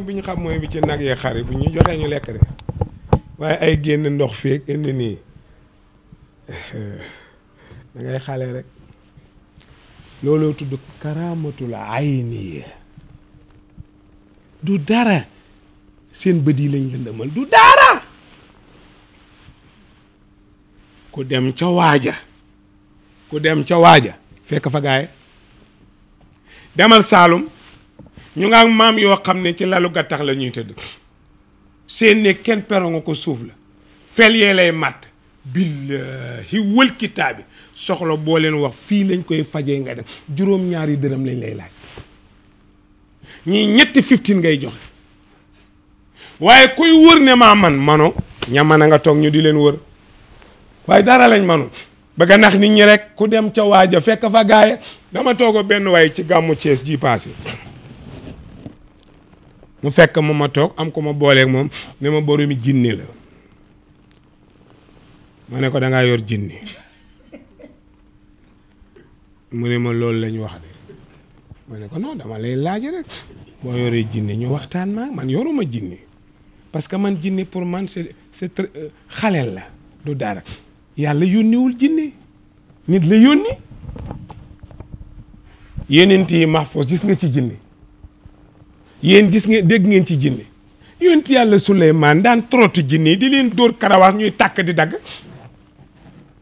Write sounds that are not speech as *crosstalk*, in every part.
meew ñu xam mooy bi ci nag yee xar yi bu ñu joxee ñu lekk de waaye ay génn ndox feeg indi nii *sighs* da ngay xale rek looloo tudd karaamatul ay nii du dara seen bët yi lañ lëndëmal du dara ku dem ca waaja ku dem ca waaja fekk fa gaay demal Saalum ñu nga ak maam yoo xam ne ci lalu gattax la ñuy tëdd seen ne kenn pero nga ko suuf la fel yee lay màtt billahi wël kitaabi soxla boo leen wax fii lañ koy fajee nga dem juróom-ñaari dërëm lañ lay laaj ñi ñetti fifteen ngay joxe waaye kuy wër ne maa man mano ña a nga toog ñu di leen wër waaye dara lañ manu bëgg a nax nit ñi rek ku dem ca waaja fekk fa gaaya dama toogo benn waaye ci gàmmu Cees ji paase mu fekk ma ma toog am ko ma booleeg moom ne ma boroomi jinni la ma ne ko dangaa yor jinni mu ne ma loolu la ñu wax de ma ne ko non dama lay laaj rek boo yoree jinni ñu waxtaan maa man yoruma jinni parce que man jinni pour man c'est c'est euh, xaleel la du dara yàlla yónniwul jinni nit la yónni yeneen yi mahfuz gis nga ci jinni yéen gis ngeen dégg ngeen ci jinne yonent yàlla Suleymaan daan trotti jinne di leen dóor karawaas ñuy tàkk di dagg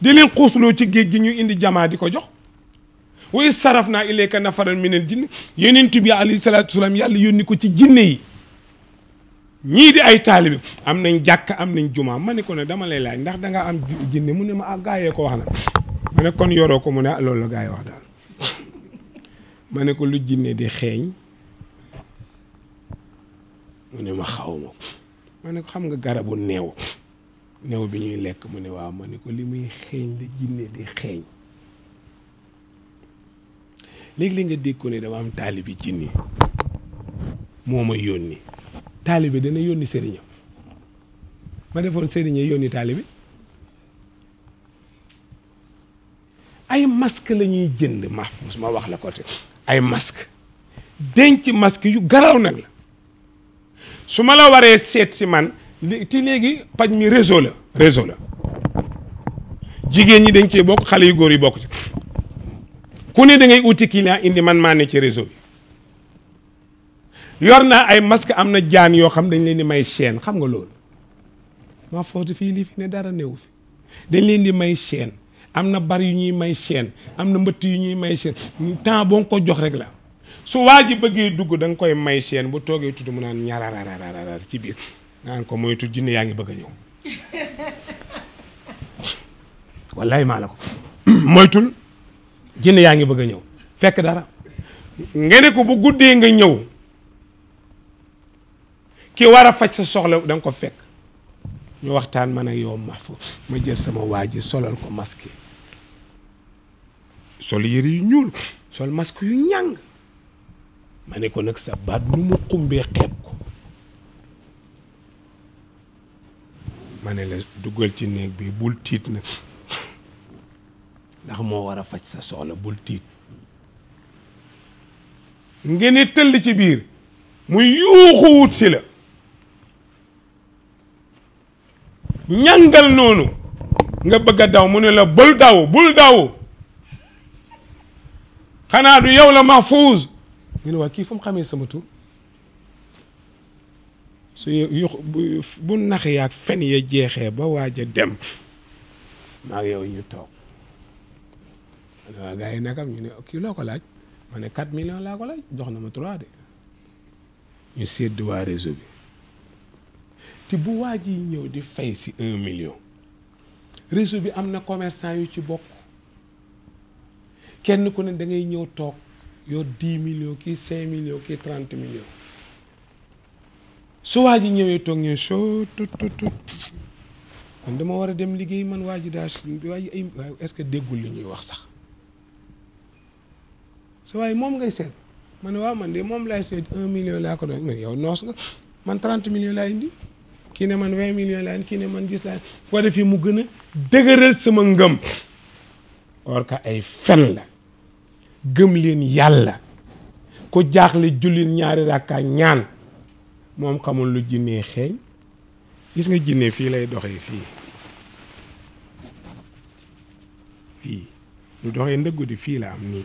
di leen xuusloo ci géej gi ñu indi jamaa di ko jox wa is saraf naa ilayka nafaran minal jinni yonent bi alayhi salaatu salaam yàlla yónni ko ci jinne yi ñii di ay taalibi am nañ jàkk am nañ jumaa ma ne ko ne dama lay laaj ndax danga am jinne mu ne ma ah gaayee ko wax na ma ne kon yoroo ko mu ne ah, loolu gaay wax daal ma ne ko lu jinne di xeeñ mu ne ma xaw ma ma ne ko xam nga garabu néew néew bi ñuy lekk mu ne waaw ma ne ko li muy xeeñ la jinne di xeeñ léegi li nga dégg ko ne dama am taalibi jinni moo ma yónni taalibi dana yónni sëriñam ma defoon sëriñam yónni taalibi ay masque lañuy ñuy jënd Mahfouz ma wax la ko te ay masque denc masque yu garaaw nag la su ma la waree seet si man li ti léegi paj mi réseau la réseau la jigéen ñi dañ cee bokk xale yu góor yi bokk ci ku ne da ngay uti client indi man maa ci réseau bi yor naa ay masque am na jaan yoo xam dañ leen di may chaîne xam nga loolu maa footi fii lii fi ne dara néew fi dañ leen di may chaîne am na bar yu ñuy may chaîne am na mbëtt yu ñuy may chaîne temps boo ko jox rek la su waa ji bëggee dugg danga koy may seen bu toogee tudd mu naan ñaarararararar ci biir naan ko moytu jinne yaa ngi maa la ko *clears throat* moytul jinne yaa ngi bëgg a ñëw fekk dara nga ne ko bu guddee nga ñëw ki war a faj sa soxla danga ko fekk ñu waxtaan man ak yow mafu ma jël sama waa ji solal ko masque sol yëre yu ñuul sol masque yu ñàng ma ne ko nag sa baat nu mu xumbee xeeb ko ma ne la duggal ci néeg bi bul tiit nag ndax moo war a faj sa soxla bul tiit ngeen tëll ci biir mu yuuxu wut si la ñàngal noonu nga bëgg a daw mu ne la bul daw bul daw xanaa du yow la Mahfouz ne waa kii fu mu xamee sama tur su yu bu nax yaag fen ya jeexee ba waaj a dem maa yow ñu toog waaw gars ñu ne kii laaj ma ne 4 millions laa ko laaj jox na ma ñu sédd waa réseau bi te bu waa ji ñëw di fay si 1 million réseau bi am na commerçant yu ci bokk kenn ku ne da ñëw toog. yor 10 millions kii 5 millions kii 30 millions su waa ji ñëwee toog ñëw soo tut tut war a dem liggéey man waa ji daa waa ji ay est-ce que déggul li ñuy wax sax sa waaye moom ngay seet man ne waaw man de moom laay seet 1 million laa ko doon yow noos nga man 30 millions laa indi kii ne man 20 millions laa indi kii ne man 10 laa indi ko defee mu gën a dëgëral sama ngëm or que ay fen la gëm leen yàlla ku jaaxle jullit ñaari rakkaa ñaan moom xamul lu jinnee xeeñ gis nga jinne fii lay doxee fii fii lu doxee ndëggu di fii la am nii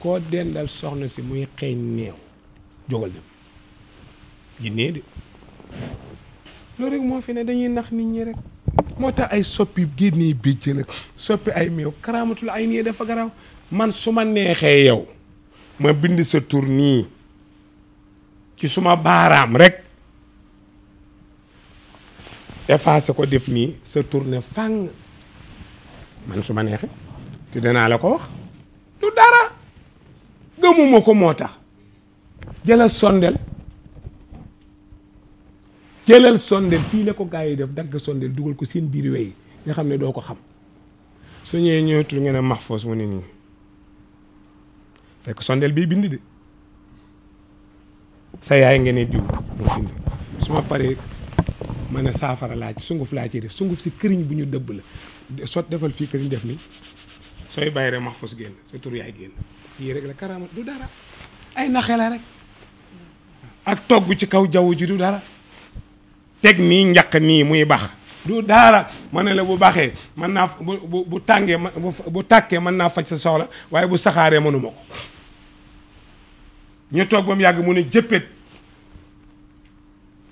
koo dendal soxna si muy xeeñ neew jógal dem jinnee de loolu rek moo fi ne dañuy nax nit ñi rek moo tax ay soppi génnee bijj nag soppi ay meew karaamatul ay nii dafa garaw man su ma neexee yow ma bind sa tur nii ci suma baaraam rek effacé ko def nii sa tur ne fàng man su ma neexee te danaa la ko wax du dara gëmuma ko moo tax jëlal sondel jëlal sondel fii la ko gars yi def dagg sondel dugal ko seen biir wey nga xam ne doo ko xam su ñëwee ñëwatul nga ne Mahfouz mu ne nii fekk sondel bii bind de sa yaay nga ne diw moo bind su ma paree ma ne saafara laa ci sunguf laa ci def sunguf si këriñ bu ñu dëbb la sot defal fii këriñ def nii sooy bàyyi rek Mahfouz génn sa tur yaay génn yii rek la karaama du dara ay naxe la rek ak togg ci kaw jaww ji du dara teg nii njaq nii muy baax du daara ma ne la bu baaxee mën naa bu bu tàngee bu tàkkee mën naa faj sa soxla waaye bu saxaaree mënuma ko ñu toog ba mu yàgg mu ne jëppet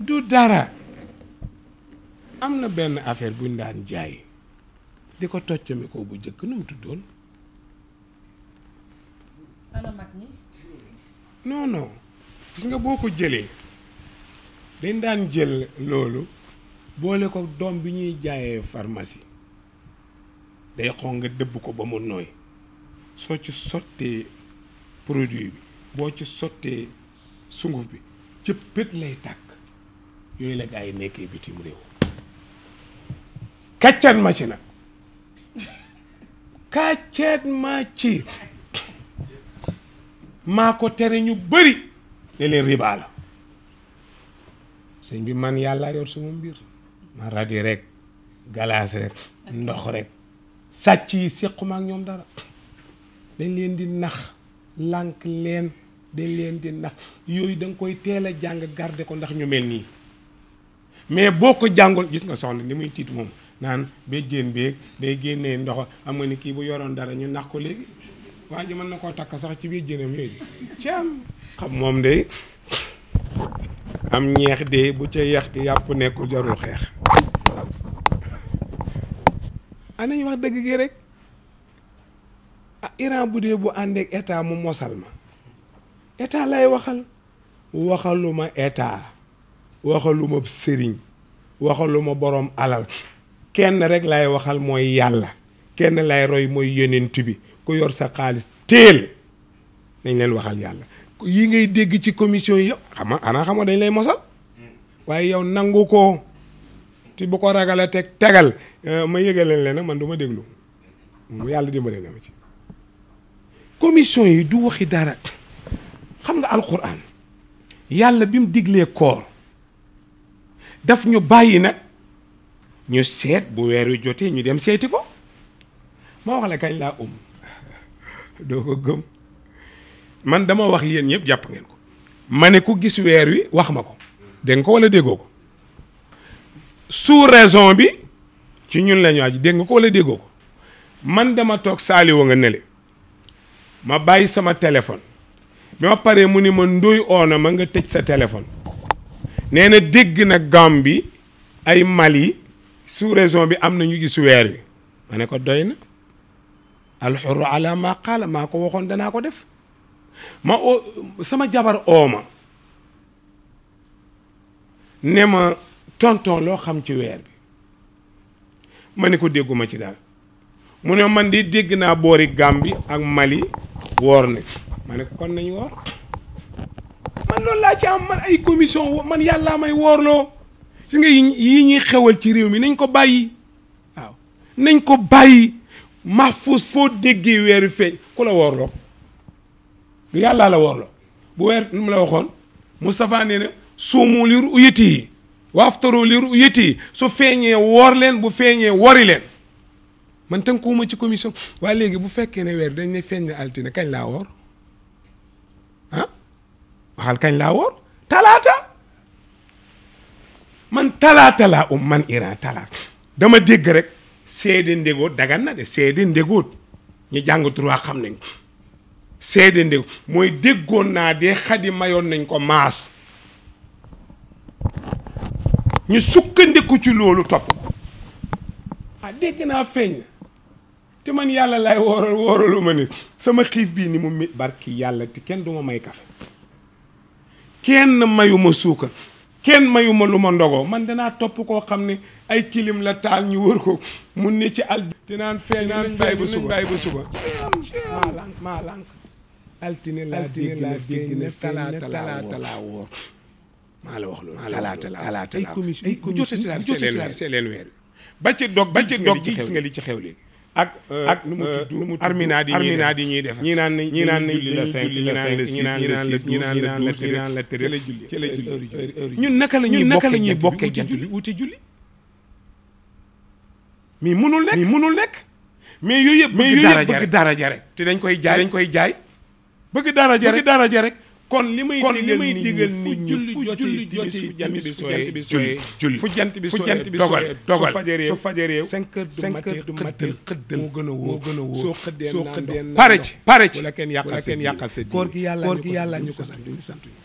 du dara am na benn affaire buñ daan jaay di ko toccami ko bu jëkk nu mu tuddoon non non gis nga boo ko jëlee dañ daan jël loolu boole ko doom bi ñuy jaayee pharmacie day xon nga dëbb ko ba mu nooy soo ci sottee produit bi boo ci sottee sunguf bi ci lay tàkk yooyu la gaa yi nekkee bitim réew kàccan ma ci nag kàccan ma ci maa ko tere ñu bëri ne leen ribaa la sëñ bi man yàlla yor sama mbir ma radi rek galaas rek ndox rek sàcc yi séquma ak ñoom dara dañ leen di nax lànk leen dañ leen di nax yooyu da nga koy teel a jàng garde ko ndax ñu mel nii mais boo ko jàngul gis nga soxna ni muy tiit moom naan ba jéen beeg day génnee ndox am nga ni kii bu yoroon dara ñu nax ko léegi waa ji mën na koo takk sax ci biir jënam yooyu ci am xam moom day am ñeex de bu ca yax yàpp nekkul jarul xeex anañ wax dëgg gi rek ah Iran bu dee bu àndeek état mu mosal ma état lay waxal waxaluma état waxaluma sëriñ waxaluma borom alal kenn rek lay waxal mooy yàlla kenn lay roy mooy yonent bi ku yor sa xaalis teel nañ leen waxal yàlla yi ngay dégg ci commission yi yëpp xam nga xanaa xam nga dañ lay mosal waaye yow nangu ko bu ko ragalee teg tegal euh, ma yëgaleen leen nag man du déglu yàlla dimbale ci commission yi du xam nga alquran yàlla bi mu diglee koor daf ñu bàyyi nag ñu seet bu weer wi jotee ñu dem seeti ko ma wax la kañ laa um *laughs* doo ko gëm man dama wax yéen ñëpp jàpp ngeen ko ma ne ku gis weer wi wax ma ko dégg ko wala déggoo ko sous raison bi ci ñun lañu ñu waaj ko wala déggoo ko man dama toog saaliwo nga nele ma bàyyi sama téléphone bi ma paree mu ni ma ndoy oona ma nga tëj sa téléphone nee na dégg na bi ay Mali sous raison bi am na ñu gis weer wi ma ne ko doy na alxurru ala ma qaala maa ko waxoon danaa ko def ma oo sama jabar oo ne ma tonton loo xam ci weer bi ma ni ko dégguma ci daal mu ne man de dégg naa boori Gàmbi ak Mali woor na ma ne kon nañ woor man loolu laa ci am man ay commission man yàllaa may loo si nga yi ñuy xewal ci réew mi nañ ko bàyyi waaw nañ ko bàyyi Mahfouz foo déggee weeru feeñ ku la woorloo du yàllaa la woor la bu weer nu mu la waxoon Moustapha nee na suumu li ru'yati yi waftaru li ru'yati su feeñee woor leen bu feeñee wori leen man tënkuwuma ci commission waaye léegi bu fekkee ne weer dañ ne feeñ na altine kañ laa woor ah waxal kañ laa woor talaata man talaata laa um man Iran talaata dama dégg rek seede ndégóot dagan na de seede ndégóot ñu jàng trois xam nañ seede ndég mooy déggoon naa dee xadi mayoon nañ ko maas ñu sukkandiku ci loolu topp ko ah, dégg naa feeñ te man yàlla laay wooral wooralu ma nit sama xiif bii ni mu mi barki yàlla te kenn duma may kafe kenn mayuma suukar kenn mayuma lu ma ndogoo man danaa topp koo xam ni ay kilim la taal ñu wër ko mun ne ci al dinaan feeñ naan fay ba suba maa lànk maa lànk altine laa dégg ne dégg ne talaata laa woor maa la wax loolu talaata laa ay commission ay commission jotee leen weer ba ci dog ba ci dog gis nga li ci xew léegi ak ak euh, nu mu euh, tudd nu mu tudd arminaat yi ñuy def ñi naan nañ ñi naan nañ julli la cinq ñi naan la six ñi naan la ñi naan la douze ñi naan la treize ci la julli ñun naka la ñuy naka la ñuy bokkee jant bi wuti julli mais munul nekk mais munul nekk mais yooyu yëpp mais yooyu yëpp bëgg daraja rek te dañ koy jaay dañ koy jaay bëgg daraja rek bëgg daraja rek. kon li may digal nit ñi fu julli joti jant bi sooyee julli fu jant bi sooyee dogal su fajaree cinq heures du matin xëddal moo gën a wóor soo xëddee naan pare ci pare ci wala kenn yàqal sa diine koor gi yàlla ñu ko sant ñu sant